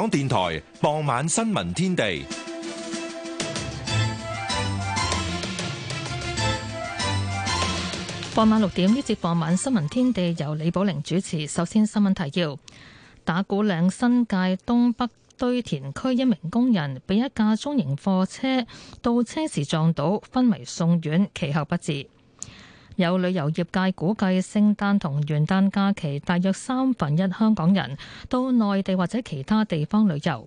港電台傍晚新聞天地。傍晚六點呢節傍晚新聞天地由李寶玲主持。首先新聞提要：打鼓嶺新界東北堆填區一名工人被一架中型貨車倒車時撞倒，昏迷送院，其後不治。有旅遊業界估計，聖誕同元旦假期，大約三分一香港人到內地或者其他地方旅遊。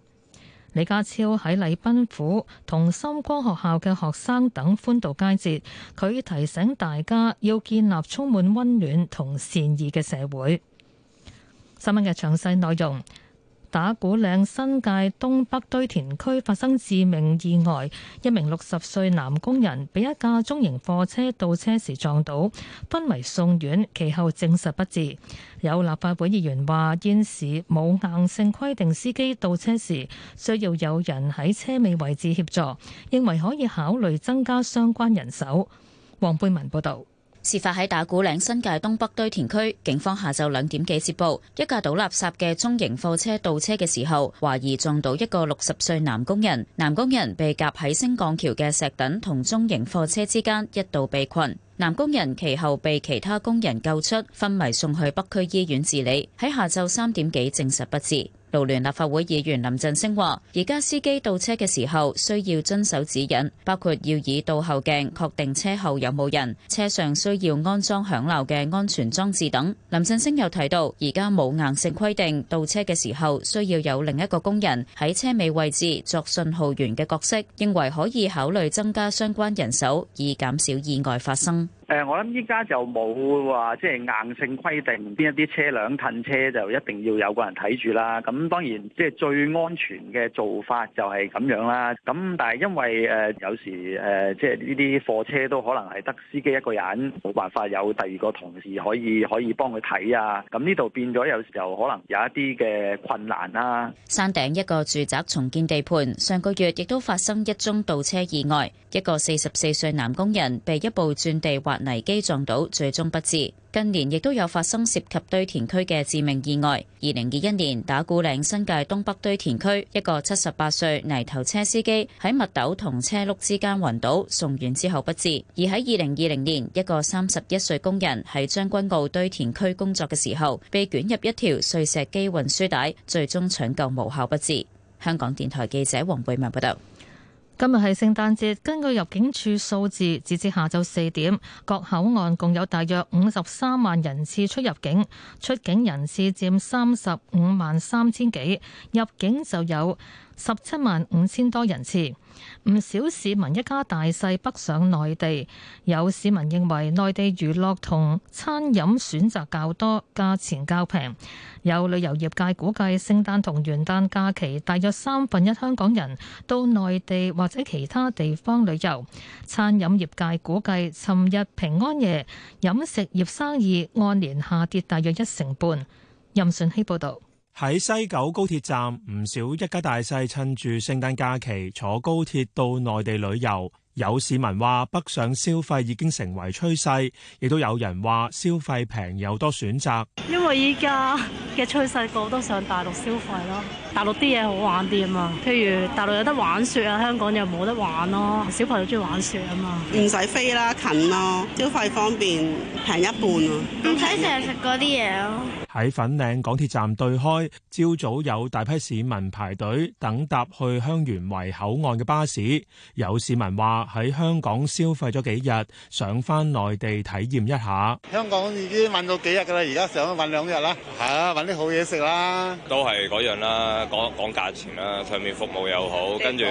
李家超喺禮賓府同深光學校嘅學生等歡度佳節，佢提醒大家要建立充滿溫暖同善意嘅社會。新聞嘅詳細內容。打鼓嶺新界東北堆填區發生致命意外，一名六十歲男工人被一架中型貨車倒車時撞倒，昏迷送院，其後證實不治。有立法會議員話現時冇硬性規定司機倒車時需要有人喺車尾位置協助，認為可以考慮增加相關人手。黃貝文報道。事發喺打鼓嶺新界東北堆填區，警方下晝兩點幾接報，一架倒垃圾嘅中型貨車倒車嘅時候，懷疑撞到一個六十歲男工人，男工人被夾喺升降橋嘅石墩同中型貨車之間，一度被困。男工人其後被其他工人救出，昏迷送去北區醫院治理，喺下晝三點幾證實不治。勞聯立法會議員林振昇話，而家司機倒車嘅時候需要遵守指引，包括要以倒後鏡確定車後有冇人，車上需要安裝響鬧嘅安全裝置等。林振昇又提到，而家冇硬性規定，倒車嘅時候需要有另一個工人喺車尾位置作信號員嘅角色，認為可以考慮增加相關人手，以減少意外發生。誒，我諗依家就冇話即係硬性規定邊一啲車輛褪車就一定要有個人睇住啦。咁當然即係最安全嘅做法就係咁樣啦。咁但係因為誒有時誒即係呢啲貨車都可能係得司機一個人，冇辦法有第二個同事可以可以幫佢睇啊。咁呢度變咗有時候可能有一啲嘅困難啦。山頂一個住宅重建地盤上個月亦都發生一宗倒車意外，一個四十四歲男工人被一部鑽地滑泥機撞倒，最終不治。近年亦都有發生涉及堆填區嘅致命意外。二零二一年，打鼓嶺新界東北堆填區，一個七十八歲泥頭車司機喺密斗同車轆之間暈倒，送院之後不治。而喺二零二零年，一個三十一歲工人喺將軍澳堆填區工作嘅時候，被捲入一條碎石機運輸帶，最終搶救無效不治。香港電台記者黃貝文報道。今日係聖誕節，根據入境處數字，截至下晝四點，各口岸共有大約五十三萬人次出入境，出境人次佔三十五萬三千幾，入境就有十七萬五千多人次，唔少市民一家大細北上內地。有市民認為內地娛樂同餐飲選擇較多，價錢較平。有旅遊業界估計聖誕同元旦假期，大約三分一香港人到內地或者其他地方旅遊。餐飲業界估計尋日平安夜飲食業生意按年下跌大約一成半。任順希報導。喺西九高鐵站，唔少一家大細趁住聖誕假期坐高鐵到內地旅遊。有市民話北上消費已經成為趨勢，亦都有人話消費平又多選擇。因為依家嘅趨勢，好多上大陸消費咯。大陸啲嘢好玩啲啊嘛，譬如大陸有得玩雪啊，香港又冇得玩咯。小朋友中意玩雪啊嘛，唔使飛啦，近咯，消費方便平一半咯，唔使成日食嗰啲嘢咯。喺粉嶺港鐵站對開，朝早有大批市民排隊等搭去香園圍口岸嘅巴士。有市民話喺香港消費咗幾日，想返內地體驗一下。香港已經玩咗幾日噶啦，而家想玩兩日啦，係啊，搵啲好嘢食啦。都係嗰樣啦，講講價錢啦，上面服務又好，跟住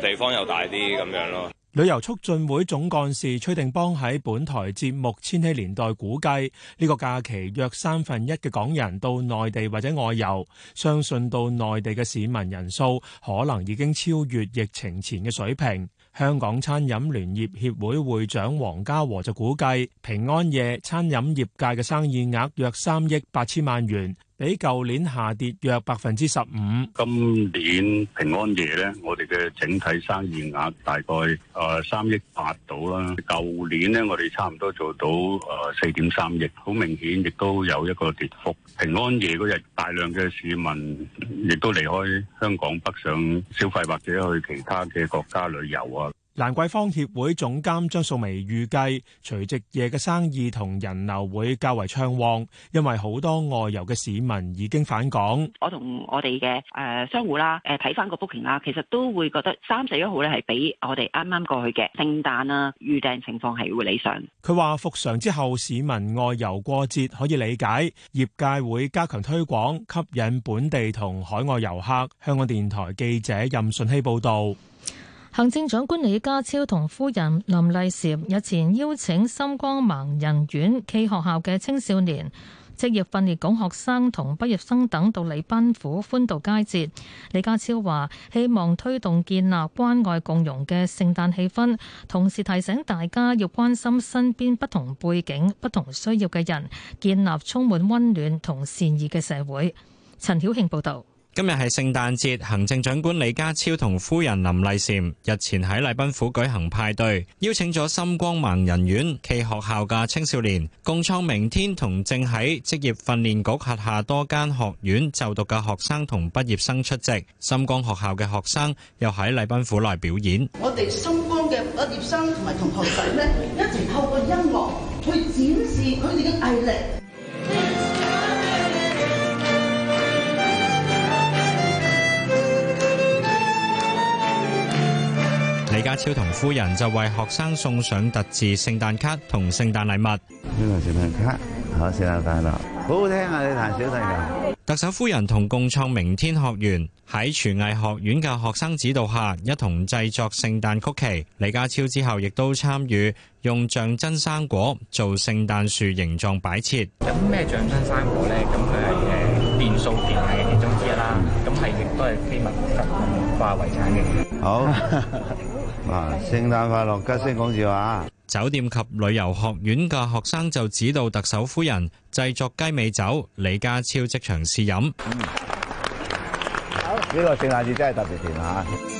地方又大啲咁好樣咯。旅遊促進會總幹事崔定邦喺本台節目《千禧年代》估計，呢個假期約三分一嘅港人到內地或者外遊，相信到內地嘅市民人數可能已經超越疫情前嘅水平。香港餐飲聯業協會會長黃家和就估計，平安夜餐飲業界嘅生意額約三億八千萬元。比舊年下跌約百分之十五。今年平安夜咧，我哋嘅整體生意額大概誒三億八度啦。舊年咧，我哋差唔多做到誒四點三億，好明顯亦都有一個跌幅。平安夜嗰日大量嘅市民亦都離開香港北上消費或者去其他嘅國家旅遊啊。蘭桂坊協會總監張素眉預計，除夕夜嘅生意同人流會較為暢旺，因為好多外遊嘅市民已經返港。我同我哋嘅誒商戶啦，誒睇翻個 booking 啦，其實都會覺得三十一號咧係比我哋啱啱過去嘅聖誕啦預訂情況係會理想。佢話復常之後，市民外遊過節可以理解，業界會加強推廣，吸引本地同海外遊客。香港電台記者任順希報道。行政長官李家超同夫人林麗嬋日前邀請深光盲人院、暨學校嘅青少年、職業訓練局學生同畢業生等到禮賓府歡度佳節。李家超話：希望推動建立關愛共融嘅聖誕氣氛，同時提醒大家要關心身邊不同背景、不同需要嘅人，建立充滿溫暖同善意嘅社會。陳曉慶報道。今日係聖誕節，行政長官李家超同夫人林麗嬋日前喺禮賓府舉行派對，邀請咗深光盲人院暨學校嘅青少年共創明天，同正喺職業訓練局轄下多間學院就讀嘅學生同畢業生出席。深光學校嘅學生又喺禮賓府內表演。我哋深光嘅畢業生同埋同學仔呢，一齊透過音樂去展示佢哋嘅毅力。李家超同夫人就為學生送上特製聖誕卡同聖誕禮物。呢個小朋友，好聖誕快樂！好好聽啊，你彈小提琴。特首夫人同共創明天學員喺廚藝學院嘅學生指導下，一同製作聖誕曲奇。李家超之後亦都參與用象真生果做聖誕樹形狀擺設。咁咩象真生果咧？咁佢係誒，變數變嘅其中之一啦。咁係亦都係非物質文化遺產嘅。嗯、好。 聖誕快樂，吉星講笑話。酒店及旅遊學院嘅學生就指導特首夫人製作雞尾酒，李家超即場試飲。嗯、好吧，呢個聖誕節真係特別甜吓。嗯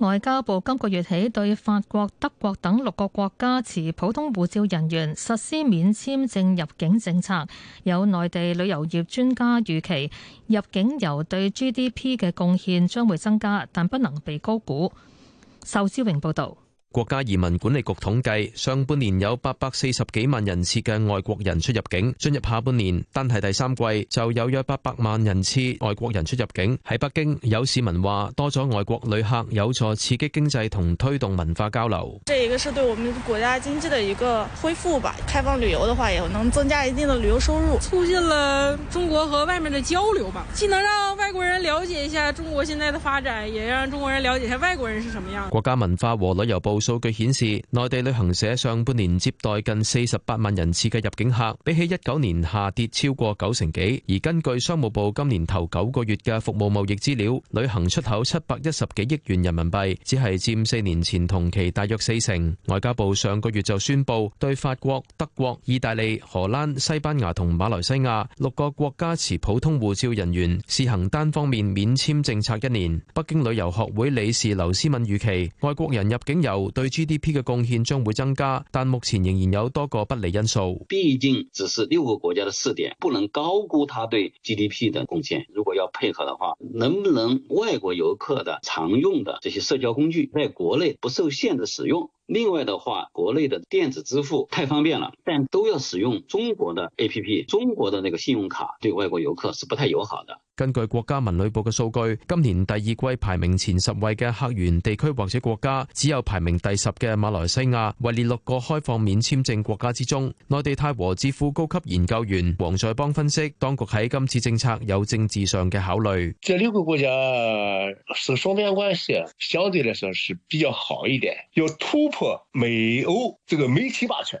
外交部今個月起對法國、德國等六個國家持普通護照人員實施免簽證入境政策。有內地旅遊業專家預期，入境遊對 GDP 嘅貢獻將會增加，但不能被高估。仇志榮報道。國家移民管理局統計，上半年有八百四十幾萬人次嘅外國人，出入境，進入下半年，單係第三季就有約八百萬人次外國人出入境。喺北京，有市民話多咗外國旅客，有助刺激經濟同推動文化交流。這個是對我們國家經濟的一個恢復吧？開放旅遊的話，也能增加一定的旅遊收入，促進了中國和外面的交流吧？既能讓外國人了解一下中國現在的發展，也讓中國人了解一下外國人是什麼樣。國家文化和旅遊部。數據顯示，內地旅行社上半年接待近四十八萬人次嘅入境客，比起一九年下跌超過九成幾。而根據商務部今年頭九個月嘅服務貿易資料，旅行出口七百一十幾億元人民幣，只係佔四年前同期大約四成。外交部上個月就宣布，對法國、德國、意大利、荷蘭、西班牙同馬來西亞六個國家持普通護照人員試行單方面免簽政策一年。北京旅遊學會理事劉思敏預期，外國人入境遊，對 GDP 的貢獻將會增加，但目前仍然有多個不利因素。畢竟只是六個國家的試點，不能高估它對 GDP 的貢獻。如果要配合的話，能不能外國遊客的常用的這些社交工具，在國內不受限的使用？另外的話，國內的電子支付太方便了，但都要使用中國的 APP，中國的那個信用卡對外國遊客是不太友好的。根據國家文旅部嘅數據，今年第二季排名前十位嘅客源地區或者國家，只有排名第十嘅馬來西亞位列六個開放免簽證國家之中。內地泰和智庫高級研究員黃在邦分析，當局喺今次政策有政治上嘅考慮。這六個國家是雙邊關係，相對來說是比較好一點，要突破美歐這個美企霸權。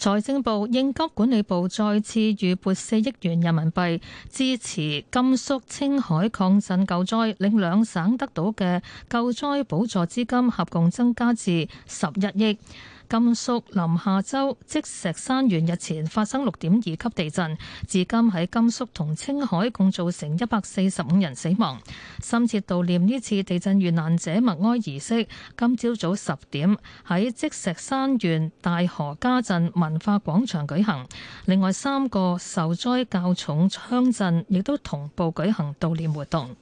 財政部、應急管理部再次預撥四億元人民幣，支持甘肅、青海抗震救災，令兩省得到嘅救災補助資金合共增加至十一億。甘肅臨夏州積石山縣日前發生六點二級地震，至今喺甘肅同青海共造成一百四十五人死亡。深切悼念呢次地震遇難者默哀儀式，今朝早十點喺積石山縣大河家鎮文化廣場舉行。另外三個受災較重鄉鎮亦都同步舉行悼念活動。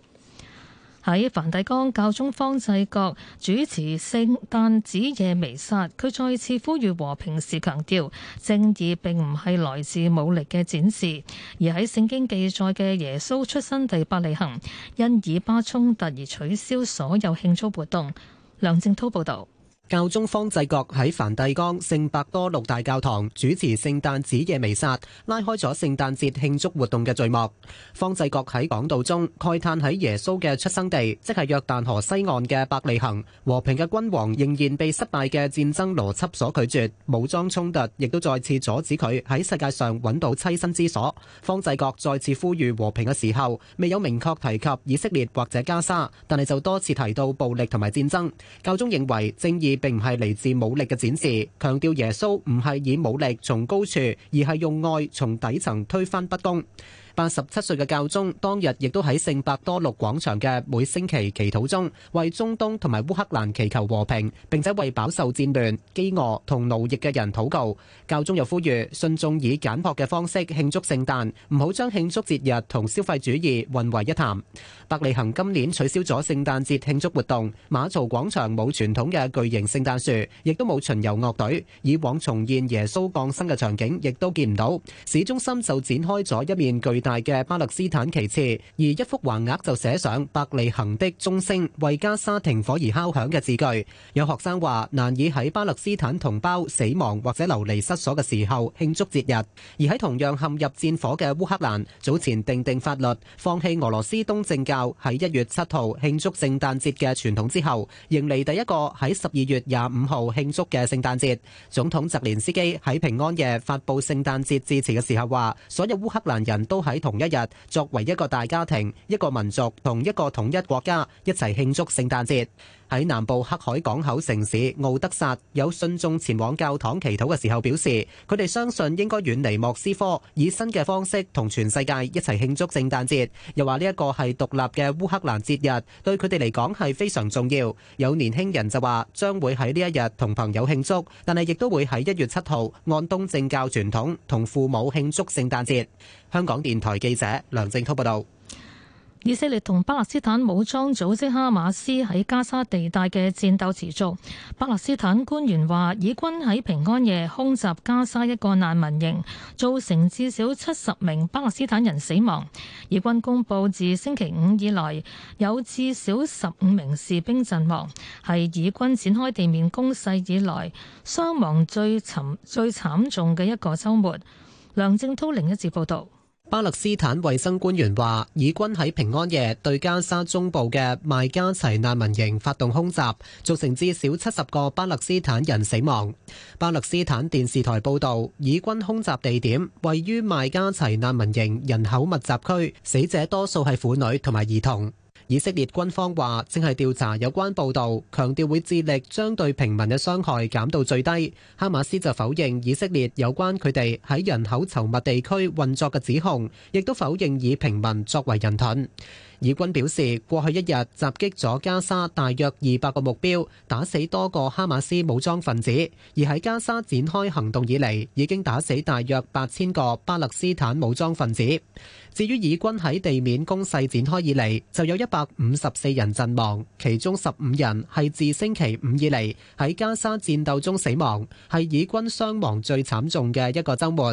喺梵蒂岡，教宗方濟各主持聖誕子夜彌撒，佢再次呼籲和平時強調正義並唔係來自武力嘅展示。而喺聖經記載嘅耶穌出生地伯利恆因以巴衝突而取消所有慶祝活動。梁正濤報導。教宗方濟各喺梵蒂岡聖伯多禄大教堂主持聖誕子夜彌撒，拉開咗聖誕節慶祝活動嘅序幕。方濟各喺講道中慨嘆喺耶穌嘅出生地，即係約旦河西岸嘅伯利恆，和平嘅君王仍然被失敗嘅戰爭邏輯所拒絕，武裝衝突亦都再次阻止佢喺世界上搵到棲身之所。方濟各再次呼籲和平嘅時候，未有明確提及以色列或者加沙，但係就多次提到暴力同埋戰爭。教宗認為正義。並唔係嚟自武力嘅展示，強調耶穌唔係以武力從高處，而係用愛從底層推翻不公。八十七歲嘅教宗當日亦都喺聖伯多祿廣場嘅每星期祈禱中，為中東同埋烏克蘭祈求和平，並且為飽受戰亂、飢餓同奴役嘅人禱告。教宗又呼籲信眾以簡樸嘅方式慶祝聖誕，唔好將慶祝節日同消費主義混為一談。伯利恆今年取消咗聖誕節慶祝活動，馬槽廣場冇傳統嘅巨型聖誕樹，亦都冇巡遊樂隊，以往重現耶穌降生嘅場景亦都見唔到。市中心就展開咗一面巨大大嘅巴勒斯坦旗幟，而一幅橫額就寫上“伯利恆的鐘聲為加沙停火而敲響”嘅字句。有學生話：難以喺巴勒斯坦同胞死亡或者流離失所嘅時候慶祝節日。而喺同樣陷入戰火嘅烏克蘭，早前訂定法律放棄俄羅斯東正教喺一月七號慶祝聖誕節嘅傳統之後，迎嚟第一個喺十二月廿五號慶祝嘅聖誕節。總統澤連斯基喺平安夜發佈聖誕節致辭嘅時候話：所有烏克蘭人都。喺同一日，作為一個大家庭，一個民族、同一個統一國家，一齊慶祝聖誕節。喺南部黑海港口城市奧德薩有信眾前往教堂祈禱嘅時候表示，佢哋相信應該遠離莫斯科，以新嘅方式同全世界一齊慶祝聖誕節，又話呢一個係獨立嘅烏克蘭節日，對佢哋嚟講係非常重要。有年輕人就話將會喺呢一日同朋友慶祝，但係亦都會喺一月七號按東正教傳統同父母慶祝聖誕節，香港電台記者梁正濤報道。以色列同巴勒斯坦武裝組織哈馬斯喺加沙地帶嘅戰鬥持續，巴勒斯坦官員話以軍喺平安夜空襲加沙一個難民營，造成至少七十名巴勒斯坦人死亡。以軍公布自星期五以來有至少十五名士兵陣亡，係以軍展開地面攻勢以來傷亡最慘最慘重嘅一個周末。梁正濤另一節報道。巴勒斯坦衛生官員話，以軍喺平安夜對加沙中部嘅麥加齊難民營發動空襲，造成至少七十個巴勒斯坦人死亡。巴勒斯坦電視台報道，以軍空襲地點位於麥加齊難民營人口密集區，死者多數係婦女同埋兒童。以色列軍方話正係調查有關報導，強調會致力將對平民嘅傷害減到最低。哈馬斯就否認以色列有關佢哋喺人口稠密地區運作嘅指控，亦都否認以平民作為人盾。以軍表示，過去一日襲擊咗加沙大約二百個目標，打死多個哈馬斯武裝分子。而喺加沙展開行動以嚟，已經打死大約八千個巴勒斯坦武裝分子。至於以軍喺地面攻勢展開以嚟，就有一百五十四人陣亡，其中十五人係自星期五以嚟喺加沙戰鬥中死亡，係以軍傷亡最慘重嘅一個周末。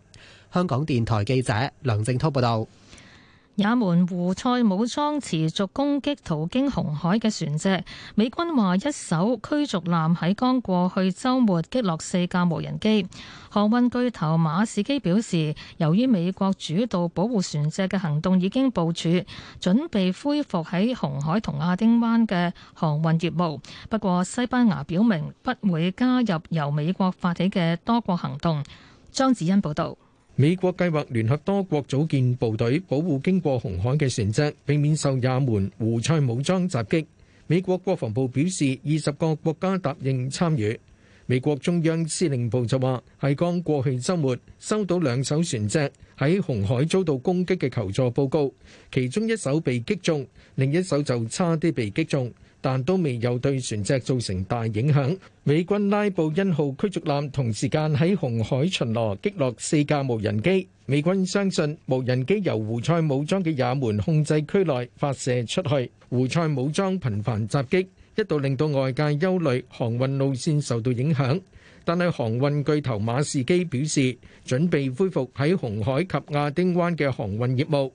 香港電台記者梁正濤報道，也門胡塞武裝持續攻擊途經紅海嘅船隻，美軍話一艘驅逐艦喺剛過去周末擊落四架無人機。航運巨頭馬士基表示，由於美國主導保護船隻嘅行動已經部署，準備恢復喺紅海同亞丁灣嘅航運業務。不過西班牙表明不會加入由美國發起嘅多國行動。張子欣報道。美國計劃聯合多國組建部隊，保護經過紅海嘅船隻，避免受也門胡塞武裝襲擊。美國國防部表示，二十個國家答應參與。美國中央司令部就話，係剛過去週末收到兩艘船隻喺紅海遭到攻擊嘅求助報告，其中一艘被擊中，另一艘就差啲被擊中。但都未有對船隻造成大影響。美軍拉布恩號驅逐艦同時間喺紅海巡邏，擊落四架無人機。美軍相信無人機由胡塞武裝嘅也門控制區內發射出去。胡塞武裝頻繁襲擊，一度令到外界憂慮航運路線受到影響。但係航運巨頭馬士基表示，準備恢復喺紅海及亞丁灣嘅航運業務。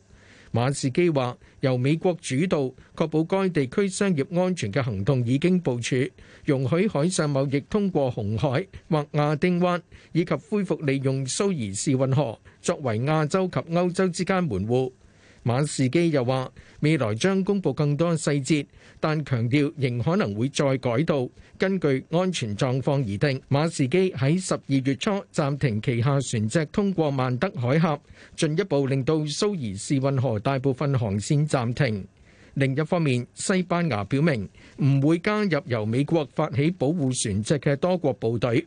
馬士基話：由美國主導確保該地區商業安全嘅行動已經部署，容許海上貿易通過紅海或亞丁灣，以及恢復利用蘇伊士運河作為亞洲及歐洲之間門戶。馬士基又話，未來將公佈更多細節，但強調仍可能會再改道，根據安全狀況而定。馬士基喺十二月初暫停旗下船隻通過曼德海峽，進一步令到蘇伊士運河大部分航線暫停。另一方面，西班牙表明唔會加入由美國發起保護船隻嘅多國部隊。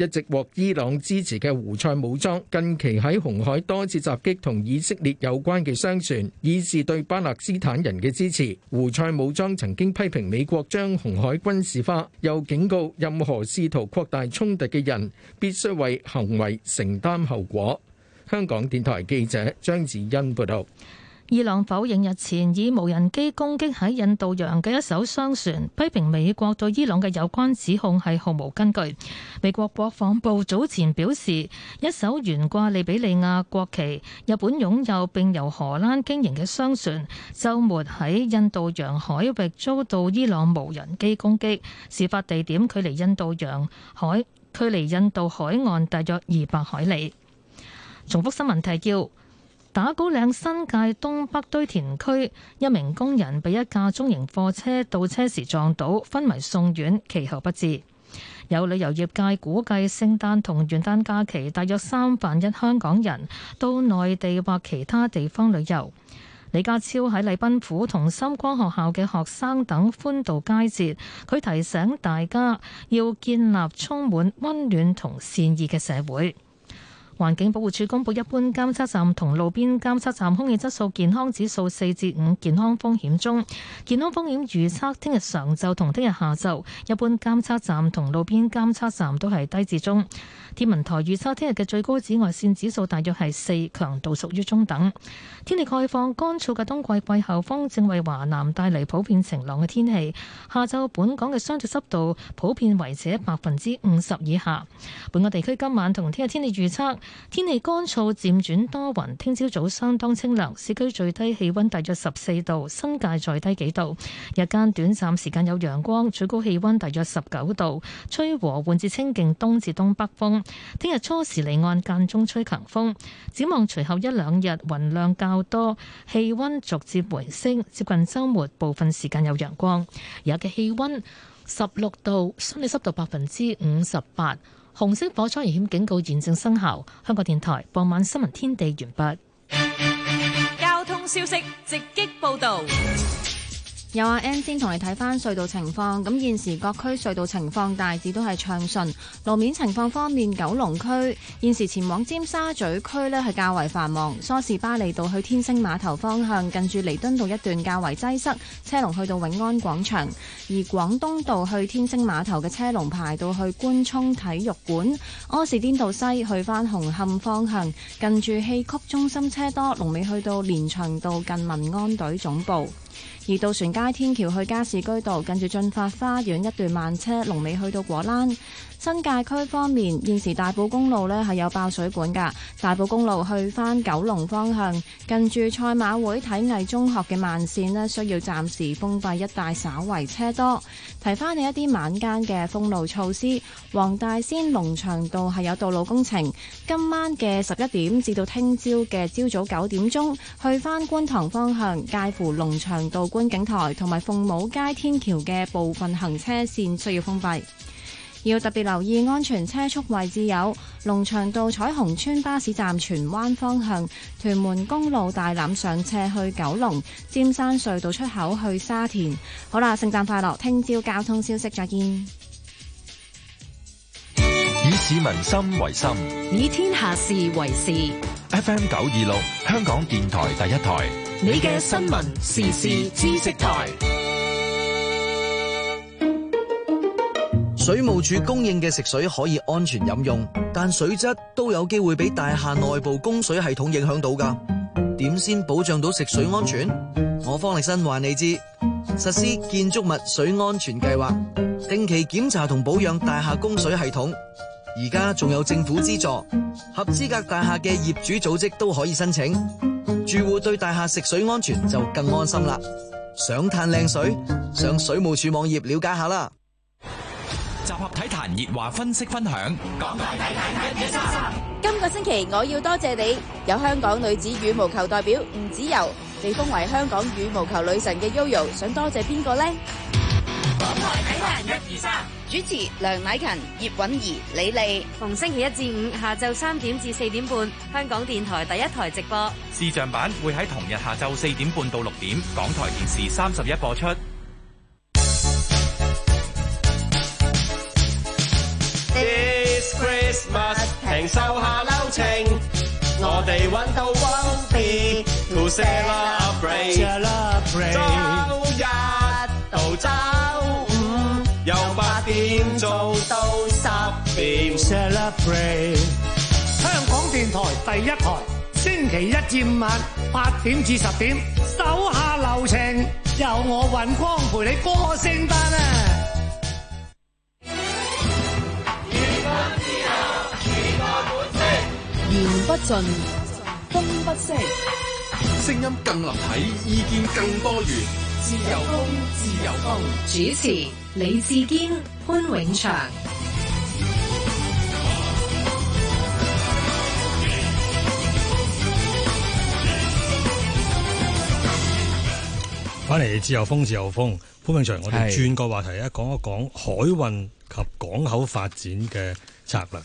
一直獲伊朗支持嘅胡塞武裝近期喺紅海多次襲擊同以色列有關嘅商船，以示對巴勒斯坦人嘅支持。胡塞武裝曾經批評美國將紅海軍事化，又警告任何試圖擴大衝突嘅人必須為行為承擔後果。香港電台記者張子欣報道。伊朗否認日前以無人機攻擊喺印度洋嘅一艘商船，批評美國對伊朗嘅有關指控係毫無根據。美國國防部早前表示，一艘懸掛利比里亞國旗、日本擁有並由荷蘭經營嘅商船，週末喺印度洋海域遭到伊朗無人機攻擊。事發地點距離印度洋海，距離印度海岸大約二百海里。重複新聞提要。打鼓嶺新界東北堆填區一名工人被一架中型貨車倒車時撞倒，昏迷送院，其後不治。有旅遊業界估計聖誕同元旦假期，大約三分一香港人到內地或其他地方旅遊。李家超喺禮賓府同深光學校嘅學生等歡度佳節，佢提醒大家要建立充滿溫暖同善意嘅社會。環境保護署公布一般監測站同路邊監測站空氣質素健康指數四至五，健康風險中。健康風險預測聽日上晝同聽日下晝，一般監測站同路邊監測站都係低至中。天文台預測聽日嘅最高紫外綫指數大約係四，強度屬於中等。天氣概況：乾燥嘅冬季季候風正為華南帶嚟普遍晴朗嘅天氣。下晝本港嘅相對濕度普遍維持喺百分之五十以下。本個地區今晚同聽日天氣預測。天氣乾燥，漸轉多雲。聽朝早相當清涼，市區最低氣溫大約十四度，新界再低幾度。日間短暫時間有陽光，最高氣溫大約十九度，吹和緩至清勁東至東北風。聽日初時離岸間中吹強風。展望隨後一兩日雲量較多，氣溫逐漸回升，接近周末部分時間有陽光。有嘅氣溫十六度，相對濕度百分之五十八。紅色火災危險警告現正生效。香港電台傍晚新聞天地完畢。交通消息直擊報導。有啊，N 先同你睇翻隧道情況。咁現時各區隧道情況大致都係暢順。路面情況方面，九龍區現時前往尖沙咀區呢係較為繁忙，梳士巴利道去天星碼頭方向近住彌敦道一段較為擠塞，車龍去到永安廣場；而廣東道去天星碼頭嘅車龍排到去官涌體育館，柯士甸道西去翻紅磡方向近住戲曲中心車多，龍尾去到連翔道近民安隊總部。而渡船街天橋去加士居道，跟住駿發花園一段慢車龍尾去到果欄。新界區方面，現時大埔公路咧係有爆水管㗎，大埔公路去翻九龍方向，近住賽馬會體藝中學嘅慢線咧需要暫時封閉一帶，稍為車多。提翻你一啲晚間嘅封路措施，黃大仙龍翔道係有道路工程，今晚嘅十一點至到聽朝嘅朝早九點鐘，去翻觀塘方向，介乎龍翔道觀景台同埋鳳舞街天橋嘅部分行車線需要封閉。要特別留意安全車速位置有，龍翔道彩虹村巴士站荃灣方向、屯門公路大欖上斜去九龍、尖山隧道出口去沙田。好啦，聖誕快樂！聽朝交通消息再見。以市民心為心，以天下事為事。FM 九二六，香港電台第一台，你嘅新聞時事知識台。水務署供應嘅食水可以安全飲用，但水質都有機會俾大廈內部供水系統影響到噶。點先保障到食水安全？我方力申話你知，實施建築物水安全計劃，定期檢查同保養大廈供水系統。而家仲有政府資助，合資格大廈嘅業主組織都可以申請，住戶對大廈食水安全就更安心啦。想嘆靚水，上水務署網頁了解下啦。熱話分析分享，港台睇睇睇一二三。今個星期我要多謝你，有香港女子羽毛球代表吳紫柔被封為香港羽毛球女神嘅 Yoyo，想多謝邊個呢？港台睇睇睇一二三。主持梁乃勤、葉允怡、李麗，逢星期一至五下晝三點至四點半，香港電台第一台直播。視像版會喺同日下晝四點半到六點，港台電視三十一播出。平手下留情，我哋們揾到光輝。to celebrate, celebrate, 週一到週五，由八點做到十點。celebrate 香港電台第一台，星期一至五晚八點至十點，手下留情，由我雲光陪你過聖誕啊！言不盡，風不息，聲音更立體，意見更多元。自由風，自由風。主持李志堅、潘永祥。翻嚟自由風，自由風。潘永祥，我哋轉個話題，一是講一講海運及港口發展嘅策略。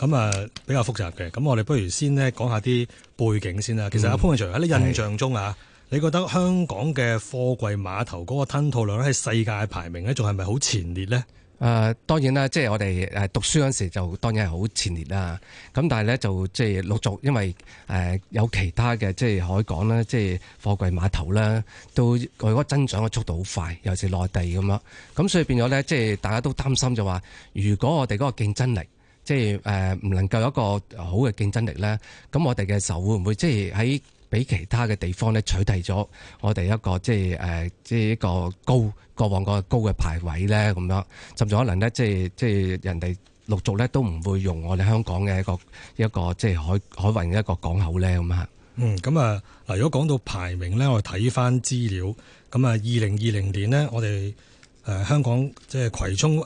咁啊，比較複雜嘅。咁我哋不如先咧講下啲背景先啦。其實阿潘文祥喺你印象中啊，是你覺得香港嘅貨櫃碼頭嗰個吞吐量喺世界排名咧，仲係咪好前列咧？誒、呃，當然啦，即係我哋誒讀書嗰陣時就當然係好前列啦。咁但係咧就即係陸續，因為誒有其他嘅即係海港啦，即係貨櫃碼頭啦，都佢嗰個增長嘅速度好快，尤其是內地咁樣。咁所以變咗咧，即係大家都擔心就話，如果我哋嗰個競爭力，即係誒，唔能夠有一個好嘅競爭力咧，咁我哋嘅時候會唔會即係喺畀其他嘅地方咧取締咗我哋一個即係誒，即係一個高過往個高嘅排位咧咁樣，甚至可能咧即係即係人哋陸續咧都唔會用我哋香港嘅一個一個即係海海運嘅一個港口咧咁啊。嗯，咁啊嗱，如果講到排名咧，我睇翻資料，咁啊二零二零年呢，我哋誒、呃、香港即係葵涌